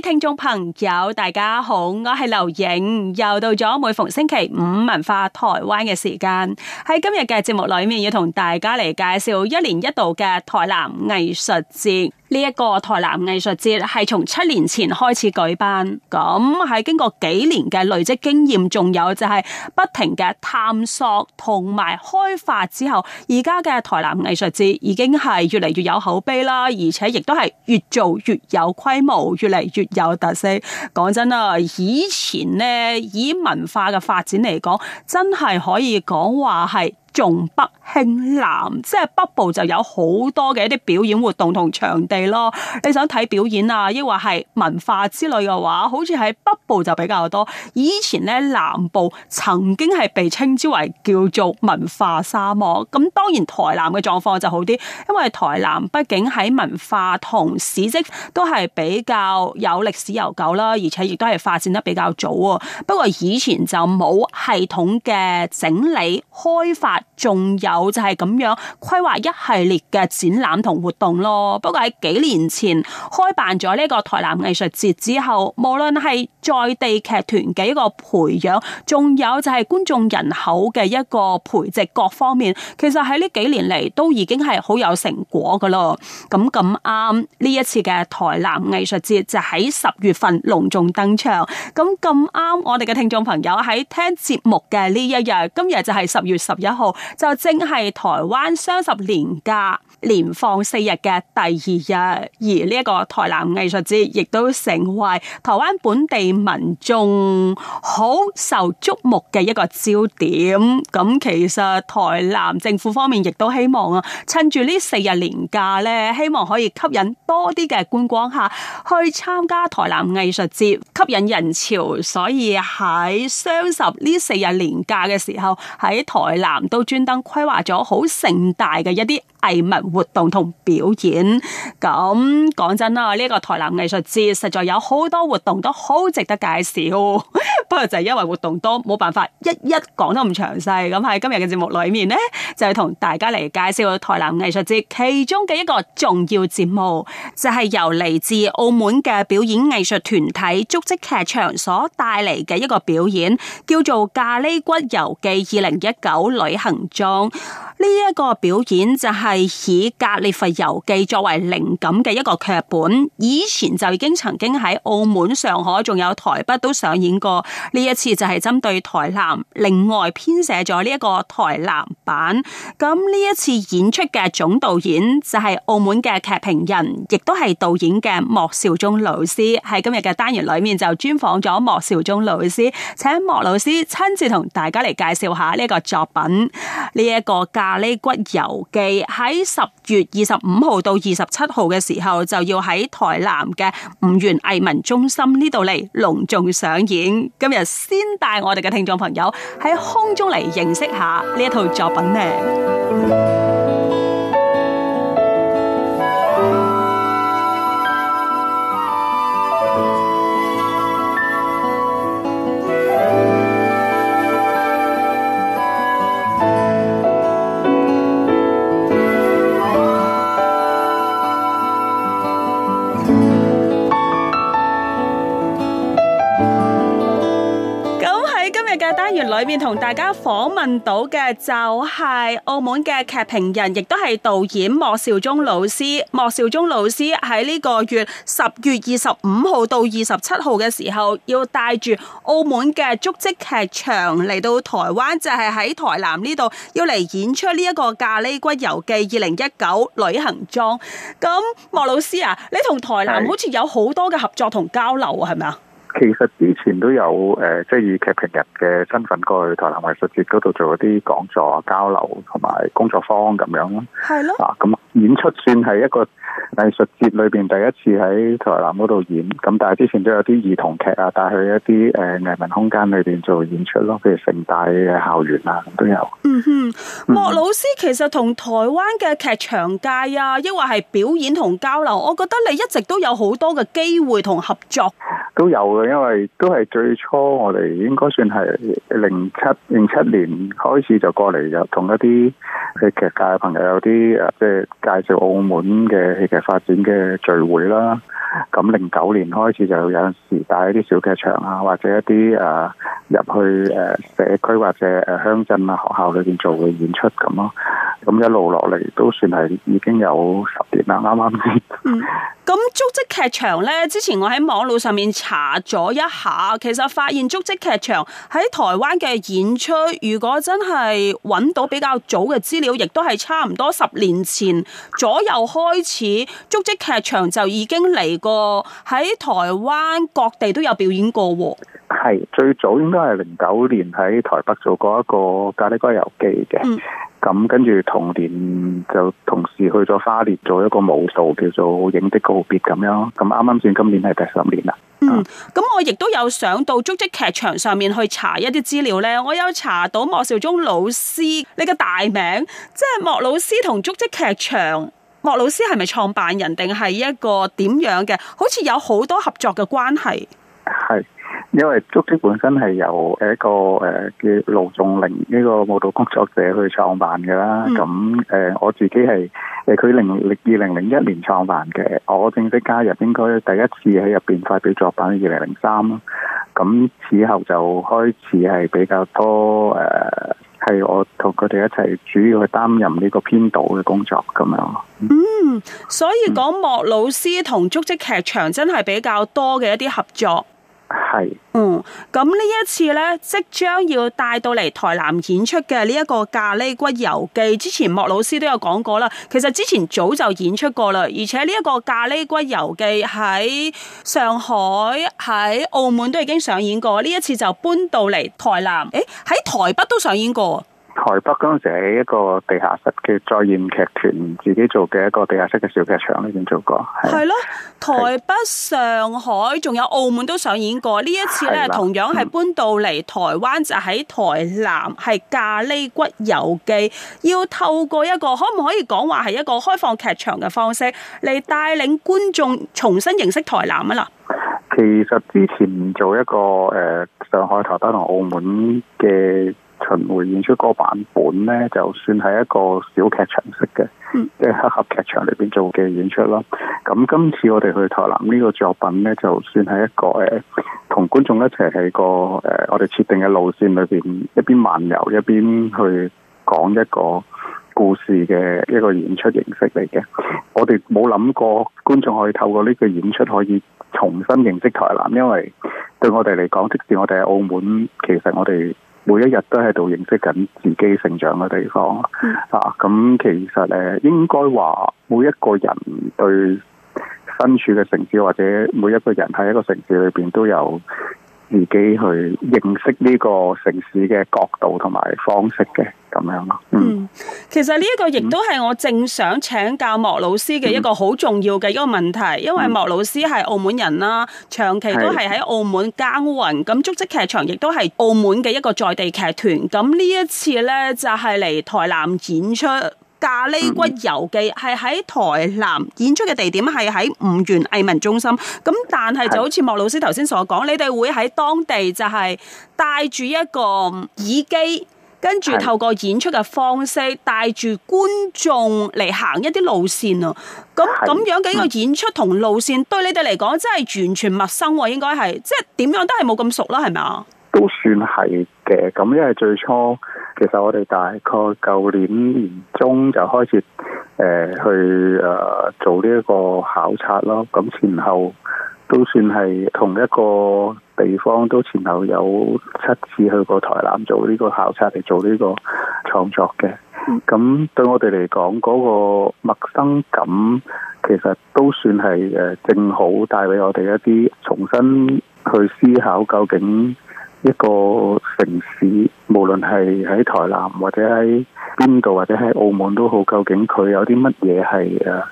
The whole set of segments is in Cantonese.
聽眾朋友，大家好，我係劉影，又到咗每逢星期五文化台灣嘅時間。喺今日嘅節目裏面，要同大家嚟介紹一年一度嘅台南藝術節。呢一個台南藝術節係從七年前開始舉辦，咁係經過幾年嘅累積經驗，仲有就係不停嘅探索同埋開發之後，而家嘅台南藝術節已經係越嚟越有口碑啦，而且亦都係越做越有規模，越嚟越有特色。講真啦，以前咧，以文化嘅發展嚟講，真係可以講話係。重北輕南，即係北部就有好多嘅一啲表演活動同場地咯。你想睇表演啊，抑或係文化之類嘅話，好似喺北部就比較多。以前咧，南部曾經係被稱之為叫做文化沙漠。咁當然台南嘅狀況就好啲，因為台南畢竟喺文化同史跡都係比較有歷史悠久啦，而且亦都係發展得比較早啊，不過以前就冇系統嘅整理開發。仲有就係咁樣規劃一系列嘅展覽同活動咯。不過喺幾年前開辦咗呢個台南藝術節之後，無論係在地劇團嘅一個培養，仲有就係觀眾人口嘅一個培植，各方面其實喺呢幾年嚟，都已經係好有成果噶咯。咁咁啱呢一次嘅台南藝術節就喺十月份隆重登場，咁咁啱，我哋嘅聽眾朋友喺聽節目嘅呢一日，今日就係十月十一號。就正係台灣雙十年假。連放四日嘅第二日，而呢一個台南藝術節亦都成為台灣本地民眾好受矚目嘅一個焦點。咁其實台南政府方面亦都希望啊，趁住呢四日連假咧，希望可以吸引多啲嘅觀光客去參加台南藝術節，吸引人潮。所以喺雙十呢四日連假嘅時候，喺台南都專登規劃咗好盛大嘅一啲藝文活動同表演，咁講真啦，呢個台南藝術節實在有好多活動都好值得介紹。不過就係因為活動多，冇辦法一一講得咁詳細。咁喺今日嘅節目裏面呢，就係同大家嚟介紹台南藝術節其中嘅一個重要節目，就係、是、由嚟自澳門嘅表演藝術團體足跡劇場所帶嚟嘅一個表演，叫做《咖喱骨遊記》二零一九旅行裝。呢一、這個表演就係以《格列佛遊記》作為靈感嘅一個劇本，以前就已經曾經喺澳門、上海仲有台北都上演過。呢一次就係針對台南，另外編寫咗呢一個台南版。咁呢一次演出嘅總導演就係澳門嘅劇評人，亦都係導演嘅莫兆忠老師。喺今日嘅單元裏面就專訪咗莫兆忠老師，請莫老師親自同大家嚟介紹下呢一個作品，呢一個《咖喱骨遊記》。喺十月二十五號到二十七號嘅時候就要喺台南嘅吳園藝文中心呢度嚟隆重上演。今日先帶我哋嘅聽眾朋友喺空中嚟認識下呢一套作品呢。大家訪問到嘅就係澳門嘅劇評人，亦都係導演莫兆忠老師。莫兆忠老師喺呢個月十月二十五號到二十七號嘅時候，要帶住澳門嘅足跡劇場嚟到台灣，就係、是、喺台南呢度要嚟演出呢一個《咖喱骨遊記》二零一九旅行裝。咁莫老師啊，你同台南好似有好多嘅合作同交流啊，係咪啊？其實以前都有誒、呃，即係以劇評人嘅身份過去台南藝術節嗰度做一啲講座、交流同埋工作坊咁樣咯。係咯的。嗱、啊，咁演出算係一個藝術節裏邊第一次喺台南嗰度演，咁但係之前都有啲兒童劇啊，帶去一啲誒藝文空間裏邊做演出咯、啊，譬如成大嘅校園啊都有。嗯哼，莫老師、嗯、哼其實同台灣嘅劇場界啊，亦或係表演同交流，我覺得你一直都有好多嘅機會同合作，都有嘅，因為都係最初我哋應該算係零七零七年開始就過嚟，有同一啲嘅劇界嘅朋友有啲誒，即、就、係、是、介紹澳門嘅戲。嘅發展嘅聚會啦，咁零九年開始就有陣時帶一啲小劇場啊，或者一啲誒入去誒、啊、社區或者誒鄉鎮啊學校裏邊做嘅演出咁咯，咁一路落嚟都算係已經有十年啦，啱啱先。咁足跡劇場咧，之前我喺網路上面查咗一下，其實發現足跡劇場喺台灣嘅演出，如果真係揾到比較早嘅資料，亦都係差唔多十年前左右開始。足跡劇場就已經嚟過喺台灣各地都有表演過，係最早應該係零九年喺台北做過一個《咖喱骨遊記》嘅、嗯，咁跟住同年就同時去咗花蓮做一個舞蹈，叫做《影的告別》咁樣，咁啱啱算今年係第十年啦。咁、嗯嗯、我亦都有上到足跡劇場上面去查一啲資料呢。我有查到莫兆忠老師呢個大名，即係莫老師同足跡劇場。莫老師係咪創辦人定係一個點樣嘅？好似有好多合作嘅關係。係，因為足迹本身係由一個誒叫盧仲麟呢個舞蹈工作者去創辦嘅啦。咁誒、嗯呃，我自己係誒佢零零二零零一年創辦嘅，我正式加入應該第一次喺入邊發表作品二零零三。咁此後就開始係比較多誒。呃係我同佢哋一齊主要去擔任呢個編導嘅工作咁樣。嗯，所以講莫老師同足跡劇場真係比較多嘅一啲合作。係，嗯，咁呢一次呢，即將要帶到嚟台南演出嘅呢一個《咖喱骨遊記》，之前莫老師都有講過啦。其實之前早就演出過啦，而且呢一個《咖喱骨遊記》喺上海、喺澳門都已經上演過，呢一次就搬到嚟台南。誒，喺台北都上演過。台北嗰陣時喺一個地下室嘅再現劇團自己做嘅一個地下室嘅小劇場呢邊做過係咯。台北、上海仲有澳門都上演過，呢一次咧，的同樣係搬到嚟台灣，就喺台南係咖喱骨遊記要透過一個可唔可以講話係一個開放劇場嘅方式嚟帶領觀眾重新認識台南啊。嗱，其實之前做一個誒、呃、上海、台北同澳門嘅。巡迴演出嗰個版本咧，就算係一個小劇場式嘅，即係、嗯、黑盒劇場裏邊做嘅演出咯。咁今次我哋去台南呢個作品咧，就算係一個誒，同觀眾一齊喺個誒、呃，我哋設定嘅路線裏邊一邊漫遊一邊去講一個故事嘅一個演出形式嚟嘅。我哋冇諗過觀眾可以透過呢個演出可以重新認識台南，因為對我哋嚟講，即使我哋喺澳門，其實我哋。每一日都喺度認識緊自己成長嘅地方，嚇、啊、咁其實咧應該話每一個人對身處嘅城市或者每一個人喺一個城市裏邊都有自己去認識呢個城市嘅角度同埋方式嘅，咁樣咯。嗯，其實呢一個亦都係我正想請教莫老師嘅一個好重要嘅一個問題，嗯、因為莫老師係澳門人啦，嗯、長期都係喺澳門耕耘，咁足跡劇場亦都係澳門嘅一個在地劇團，咁呢一次呢，就係、是、嚟台南演出。咖喱骨遊記係喺台南演出嘅地點，係喺吳園藝文中心，咁但係就好似莫老師頭先所講，你哋會喺當地就係帶住一個耳機，跟住透過演出嘅方式帶住觀眾嚟行一啲路線啊！咁咁樣嘅一個演出同路線對你哋嚟講真係完全陌生，應該係即係點樣都係冇咁熟啦，係咪啊？都算係嘅，咁因為最初，其實我哋大概舊年年中就開始，誒、呃、去誒、呃、做呢一個考察咯。咁前後都算係同一個地方，都前後有七次去過台南做呢個考察嚟做呢個創作嘅。咁對我哋嚟講，嗰、那個陌生感其實都算係誒，正好帶俾我哋一啲重新去思考究竟。一個城市，無論係喺台南或者喺邊度，或者喺澳門都好，究竟佢有啲乜嘢係誒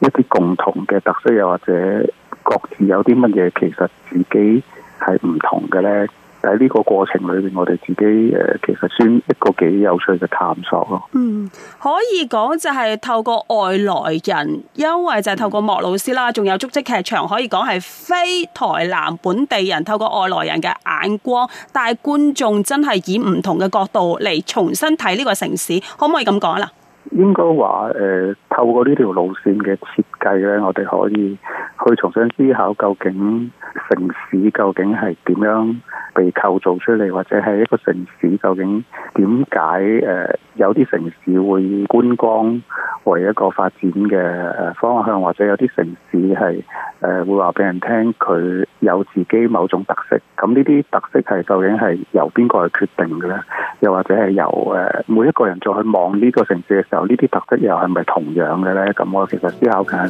一啲共同嘅特色，又或者各自有啲乜嘢，其實自己係唔同嘅咧？喺呢個過程裏面，我哋自己誒、呃，其實算一個幾有趣嘅探索咯。嗯，可以講就係透過外來人，因為就係透過莫老師啦，仲有足跡劇場，可以講係非台南本地人透過外來人嘅眼光，但係觀眾真係以唔同嘅角度嚟，重新睇呢個城市，可唔可以咁講啦？應該話誒，透過呢條路線嘅設。計咧，我哋可以去重新思考究竟城市究竟係點樣被構造出嚟，或者係一個城市究竟點解誒，有啲城市會觀光為一個發展嘅誒方向，或者有啲城市係誒會話俾人聽佢有自己某種特色。咁呢啲特色係究竟係由邊個去決定嘅咧？又或者係由誒每一個人再去望呢個城市嘅時候，呢啲特色又係咪同樣嘅咧？咁我其實思考緊。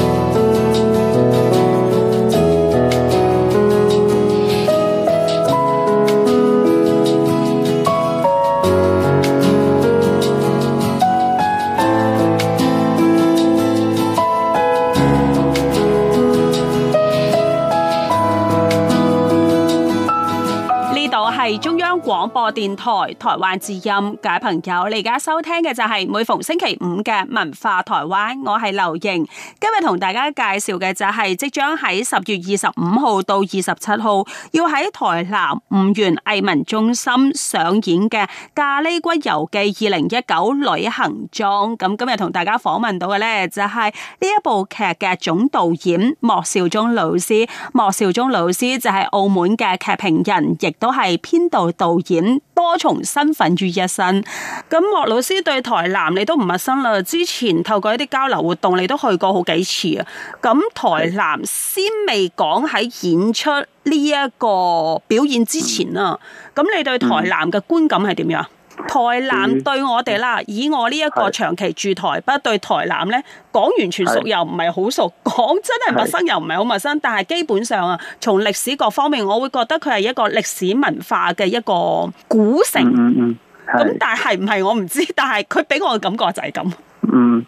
廣播電台台灣之音，各位朋友，你而家收聽嘅就係每逢星期五嘅文化台灣，我係劉瑩。今日同大家介紹嘅就係即將喺十月二十五號到二十七號要喺台南吳園藝文中心上演嘅《咖喱骨遊記二零一九旅行裝》。咁今日同大家訪問到嘅呢，就係呢一部劇嘅總導演莫兆忠老師。莫兆忠老師就係澳門嘅劇評人，亦都係編導導。演多重身份於一身，咁莫老師對台南你都唔陌生啦。之前透過一啲交流活動，你都去過好幾次啊。咁台南先未講喺演出呢一個表演之前啊，咁、嗯、你對台南嘅觀感係點樣？嗯台南對我哋啦，嗯、以我呢一個長期住台北是對台南呢，講完全熟又唔係好熟，講是真係陌生又唔係好陌生，是但係基本上啊，從歷史各方面，我會覺得佢係一個歷史文化嘅一個古城。嗯咁、嗯、但係唔係我唔知，但係佢俾我嘅感覺就係咁。嗯，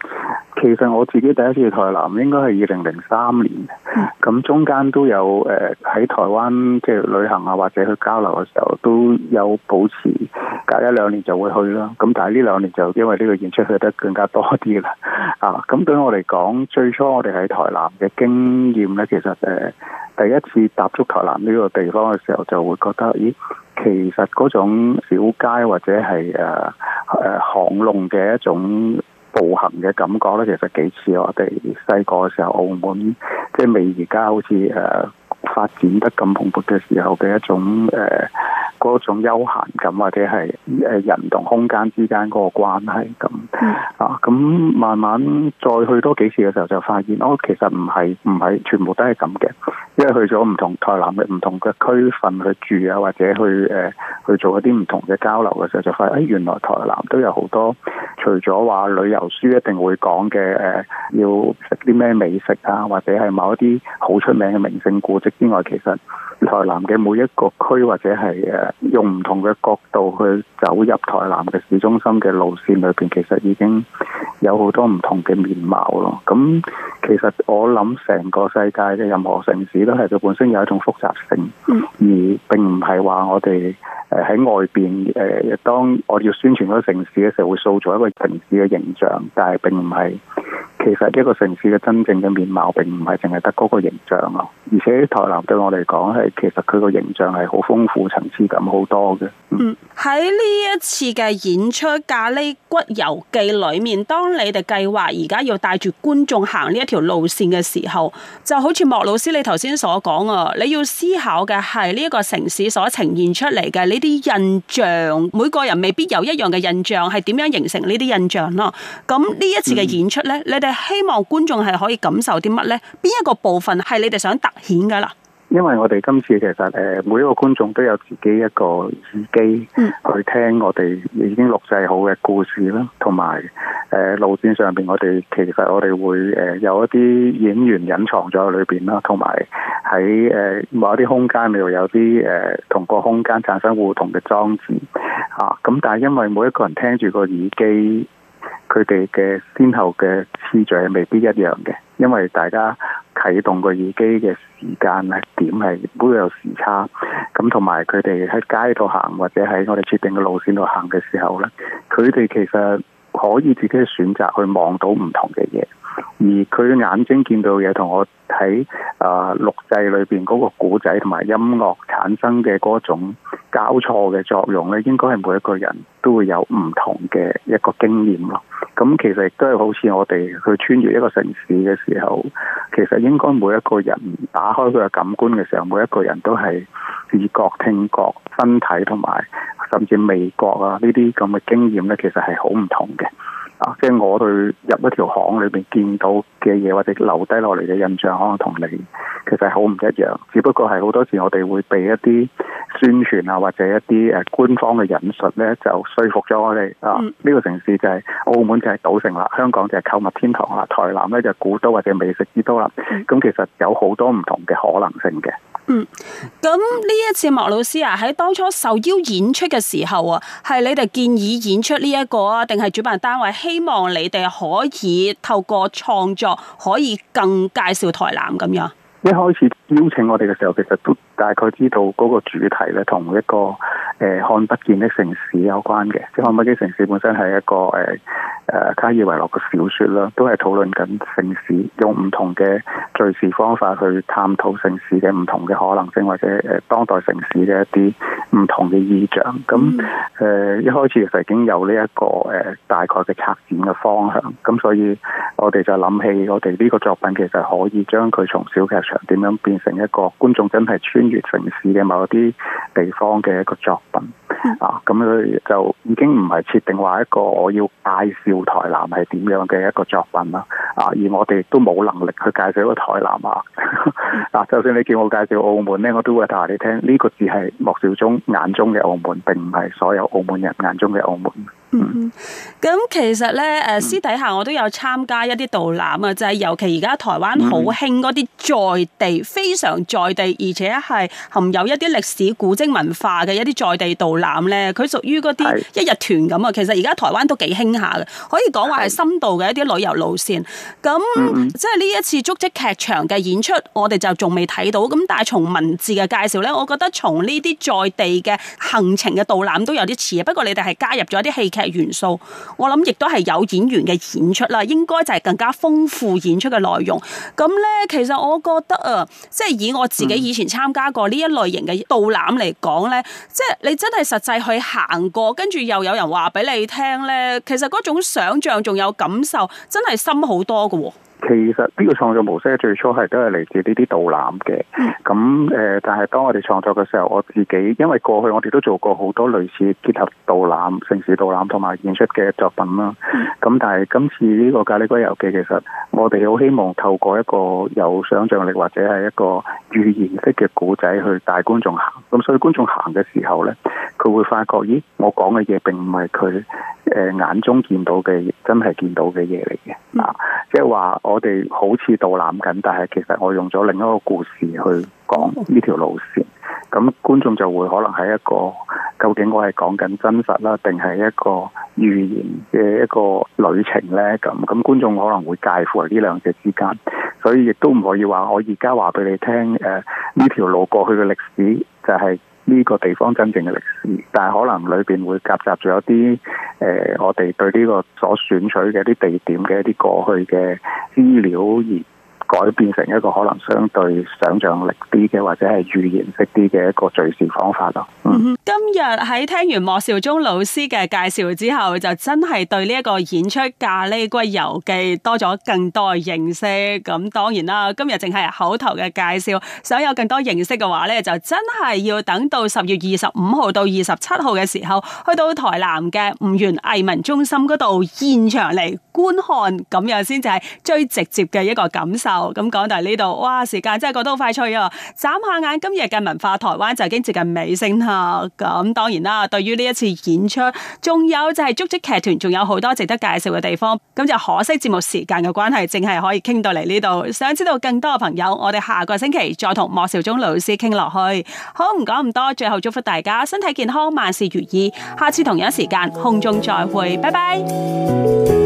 其實我自己第一次去台南應該係二零零三年，咁、嗯、中間都有誒喺、呃、台灣即係旅行啊，或者去交流嘅時候都有保持隔一兩年就會去啦。咁、嗯、但係呢兩年就因為呢個演出去得更加多啲啦。啊，咁對我嚟講，最初我哋喺台南嘅經驗呢，其實誒、呃、第一次踏足台南呢個地方嘅時候，就會覺得咦，其實嗰種小街或者係誒誒巷弄嘅一種。步行嘅感覺咧，其實幾似我哋細個嘅時候澳門，即係未而家好似誒、呃、發展得咁蓬勃嘅時候嘅一種誒嗰、呃、種悠閒感，或者係誒人同空間之間嗰個關係咁啊。咁慢慢再去多幾次嘅時候，就發現哦，其實唔係唔係全部都係咁嘅，因為去咗唔同台南嘅唔同嘅區份去住啊，或者去誒、呃、去做一啲唔同嘅交流嘅時候，就發現誒、哎、原來台南都有好多。除咗話旅遊書一定會講嘅誒要食啲咩美食啊，或者係某一啲好出名嘅名勝古蹟之外，其實台南嘅每一個區或者係誒、呃、用唔同嘅角度去走入台南嘅市中心嘅路線裡邊其實已經有好多唔同嘅面貌咯。咁其實我諗成個世界嘅任何城市都係佢本身有一種複雜性，而並唔係話我哋誒喺外邊誒、呃、當我哋要宣傳嗰個城市嘅時候會塑造一個。城市嘅形象，但係並唔係，其實一個城市嘅真正嘅面貌，並唔係淨係得嗰個形象囉。而且台南對我嚟講係，其實佢個形象係好豐富、層次感好多嘅。嗯，喺呢、嗯、一次嘅演出《咖喱骨遊記》裏面，當你哋計劃而家要帶住觀眾行呢一條路線嘅時候，就好似莫老師你頭先所講啊，你要思考嘅係呢一個城市所呈現出嚟嘅呢啲印象，每個人未必有一樣嘅印象，係點樣形成呢啲印象咯？咁呢一次嘅演出咧，嗯、你哋希望觀眾係可以感受啲乜咧？邊一個部分係你哋想突？顯噶啦，因為我哋今次其實誒，每一個觀眾都有自己一個耳機去聽我哋已經錄製好嘅故事啦，同埋誒路線上邊我哋其實我哋會誒有一啲演員隱藏咗裏邊啦，同埋喺誒某一啲空間裏度有啲誒同個空間產生互動嘅裝置啊，咁但係因為每一個人聽住個耳機，佢哋嘅先後嘅次序係未必一樣嘅。因為大家啟動個耳機嘅時間呢，點係都有時差。咁同埋佢哋喺街度行或者喺我哋設定嘅路線度行嘅時候呢，佢哋其實可以自己選擇去望到唔同嘅嘢。而佢眼睛見到嘢，同我睇啊錄製裏邊嗰個古仔同埋音樂產生嘅嗰種交錯嘅作用咧，應該係每一個人都會有唔同嘅一個經驗咯。咁、嗯、其實都係好似我哋去穿越一個城市嘅時候，其實應該每一個人打開佢嘅感官嘅時候，每一個人都係視覺聽覺身體同埋甚至味覺啊。呢啲咁嘅經驗呢，其實係好唔同嘅即係我對入一條行裏面見到嘅嘢，或者留低落嚟嘅印象，可能同你其實好唔一樣。只不過係好多時我哋會被一啲宣傳啊，或者一啲誒官方嘅引述咧，就說服咗我哋啊。呢個城市就係澳門就係賭城啦，香港就係購物天堂啦，台南咧就係古都或者美食之都啦。咁其實有好多唔同嘅可能性嘅。嗯，咁呢一次莫老師啊，喺當初受邀演出嘅時候啊，係你哋建議演出呢一個啊，定係主辦單位希望你哋可以透過創作可以更介紹台南咁樣？一開始邀請我哋嘅時候，其實都。大概知道嗰個主題咧，同一個誒看、呃、不見的城市有關嘅，即《看不見的城市》本身係一個誒誒卡爾維諾嘅小說啦，都係討論緊城市，用唔同嘅敘事方法去探討城市嘅唔同嘅可能性，或者誒當代城市嘅一啲唔同嘅意象。咁誒、呃、一開始其實就已經有呢、這、一個誒、呃、大概嘅策展嘅方向，咁所以我哋就諗起我哋呢個作品其實可以將佢從小劇場點樣變成一個觀眾真係邊緣城市嘅某一啲地方嘅一個作品啊，咁佢就已經唔係設定話一個我要介紹台南係點樣嘅一個作品啦，啊，而我哋都冇能力去介紹個台南啊，嗱，就算你叫我介紹澳門咧，我都會話你聽，呢、這個只係莫兆忠眼中嘅澳門，並唔係所有澳門人眼中嘅澳門。嗯，咁、嗯嗯嗯嗯嗯嗯、其實咧，誒私底下我都有參加一啲導覽啊，嗯、就係尤其而家台灣好興啲在地，嗯、非常在地，而且係含有一啲歷史古蹟文化嘅一啲在地導覽咧。佢屬於啲一日團咁啊。是其實而家台灣都幾興下嘅，可以講話係深度嘅一啲旅遊路線咁是、嗯、即係呢一次足跡劇場嘅演出，我哋就仲未睇到。咁但係從文字嘅介紹咧，我覺得從呢啲在地嘅行程嘅導覽都有啲似啊。不過你哋係加入咗一啲戲劇。元素，我諗亦都係有演員嘅演出啦，應該就係更加豐富演出嘅內容。咁咧，其實我覺得啊，即係以我自己以前參加過呢一類型嘅導覽嚟講咧，嗯、即係你真係實際去行過，跟住又有人話俾你聽咧，其實嗰種想象仲有感受，真係深好多㗎。其實呢個創作模式最初係都係嚟自呢啲導覽嘅，咁誒、呃，但係當我哋創作嘅時候，我自己因為過去我哋都做過好多類似結合導覽、城市導覽同埋演出嘅作品啦，咁但係今次呢個《咖喱骨遊記》其實我哋好希望透過一個有想象力或者係一個寓言式嘅故仔去帶觀眾行，咁所以觀眾行嘅時候呢，佢會發覺，咦，我講嘅嘢並唔係佢誒眼中見到嘅，真係見到嘅嘢嚟嘅，啊，即係話我哋好似導覽緊，但係其實我用咗另一個故事去講呢條路線，咁觀眾就會可能係一個究竟我係講緊真實啦，定係一個預言嘅一個旅程呢？咁咁觀眾可能會介乎喺呢兩者之間，所以亦都唔可以話我而家話俾你聽，誒呢條路過去嘅歷史就係。呢個地方真正嘅歷史，但係可能裏邊會夾雜住一啲誒、呃，我哋對呢個所選取嘅一啲地點嘅一啲過去嘅資料而。改變成一個可能相對想像力啲嘅，或者係語言式啲嘅一個敘事方法咯。嗯，今日喺聽完莫兆忠老師嘅介紹之後，就真係對呢一個演出《咖喱骨遊記》多咗更多嘅認識。咁當然啦，今日淨係口頭嘅介紹，想有更多認識嘅話呢就真係要等到十月二十五號到二十七號嘅時候，去到台南嘅吳園藝文中心嗰度現場嚟觀看，咁樣先就係最直接嘅一個感受。咁講到嚟，呢度，哇！時間真係過得好快脆啊，眨下眼今日嘅文化台灣就已經接近尾聲啦。咁當然啦，對於呢一次演出，仲有就係足跡劇團，仲有好多值得介紹嘅地方。咁就可惜節目時間嘅關係，淨係可以傾到嚟呢度。想知道更多嘅朋友，我哋下個星期再同莫兆忠老師傾落去。好，唔講咁多，最後祝福大家身體健康，萬事如意。下次同樣時間，空中再會，拜拜。